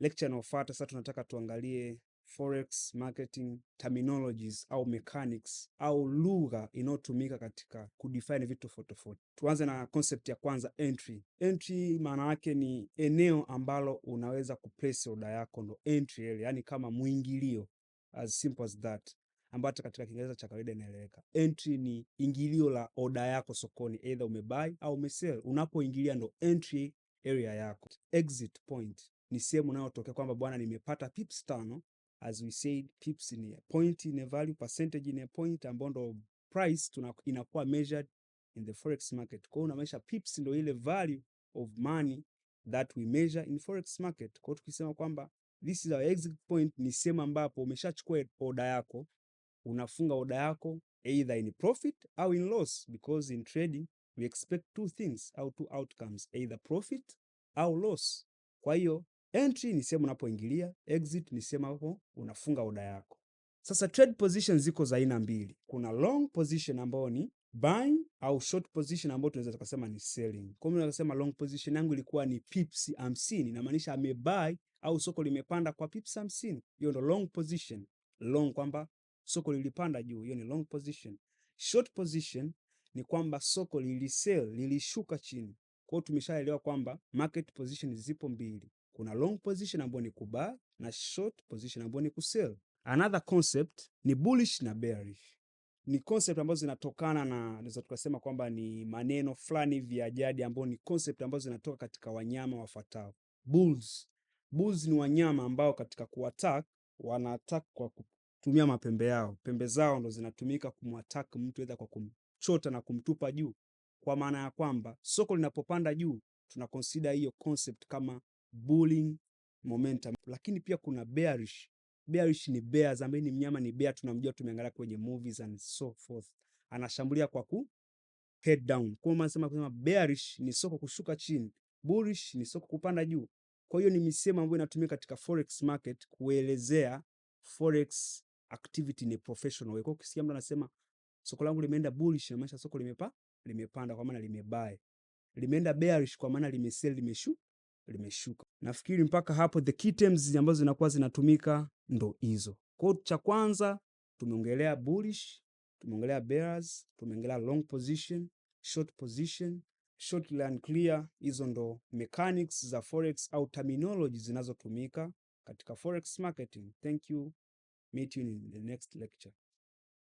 Lecture inayofuata sasa tunataka tuangalie forex marketing terminologies au mechanics au lugha inayotumika katika kudefine vitu tofauti tofauti. Tuanze na concept ya kwanza entry. Entry maana yake ni eneo ambalo unaweza kuplace order yako, ndo entry ile, yani kama mwingilio, as simple as that, ambayo katika Kiingereza cha kawaida inaeleweka. Entry ni ingilio la order yako sokoni, either umebuy au umesell. Unapoingilia ndo entry area yako. Exit point ni sehemu inayotokea kwamba bwana, nimepata pips tano, as we said, pips ni a point, in a value, percentage in a point, ambayo ndo price tuna inakuwa measured in the forex market. Kwa hiyo unamaanisha pips ndo ile value of money that we measure in forex market. Kwa hiyo tukisema kwamba this is our exit point, ni sehemu ambapo umeshachukua oda yako, unafunga oda yako either in profit au in loss, because in trading we expect two things au two outcomes, either profit au loss. Kwa hiyo Entry ni sehemu unapoingilia, exit ni sehemu hapo unafunga oda yako. Sasa trade position ziko za aina mbili. Kuna long position ambayo ni buying au short position ambayo tunaweza tukasema ni selling. Kwa hiyo tunasema long position yangu ilikuwa ni pips 50, inamaanisha amebuy au soko limepanda kwa pips 50. Hiyo ndo long position. Long kwamba soko lilipanda juu, hiyo ni long position. Short position ni kwamba soko lilisell, lilishuka chini. Kwa hiyo tumeshaelewa kwamba market position zipo mbili. Kuna long position ambayo ni kubuy na short position ambayo ni kusell. Another concept ni bullish na bearish. Ni concept ambazo zinatokana na naweza tukasema kwamba ni maneno fulani vya jadi ambayo ni concept ambazo zinatoka katika wanyama wafuatao. Bulls. Bulls ni wanyama ambao katika kuattack wanaattack kwa kutumia mapembe yao. Pembe zao ndo zinatumika kumattack mtu aidha kwa kumchota na kumtupa juu. Kwa maana ya kwamba soko linapopanda juu tuna consider hiyo concept kama bullying momentum, lakini pia kuna bearish. Bearish ni bears ambaye ni mnyama ni bear, tunamjua, tumeangalia kwenye movies and so forth, anashambulia kwa ku head down. Kwa maana sema kusema bearish ni soko kushuka chini, bullish ni soko kupanda juu. Kwa hiyo ni misemo ambayo inatumika katika forex market kuelezea forex activity ni professional Kwa hiyo ukisikia mtu anasema soko langu limeenda bullish, na maana soko limepa limepanda kwa maana limebuy. Limeenda bearish kwa maana limesell limeshu limeshuka. Nafikiri mpaka hapo the key terms ambazo zinakuwa zinatumika ndo hizo. Kwa cha kwanza tumeongelea bullish, tumeongelea bears, tumeongelea long position, short position, short and clear. Hizo ndo mechanics za forex au terminology zinazotumika katika forex marketing. Thank you. Meet you in the next lecture.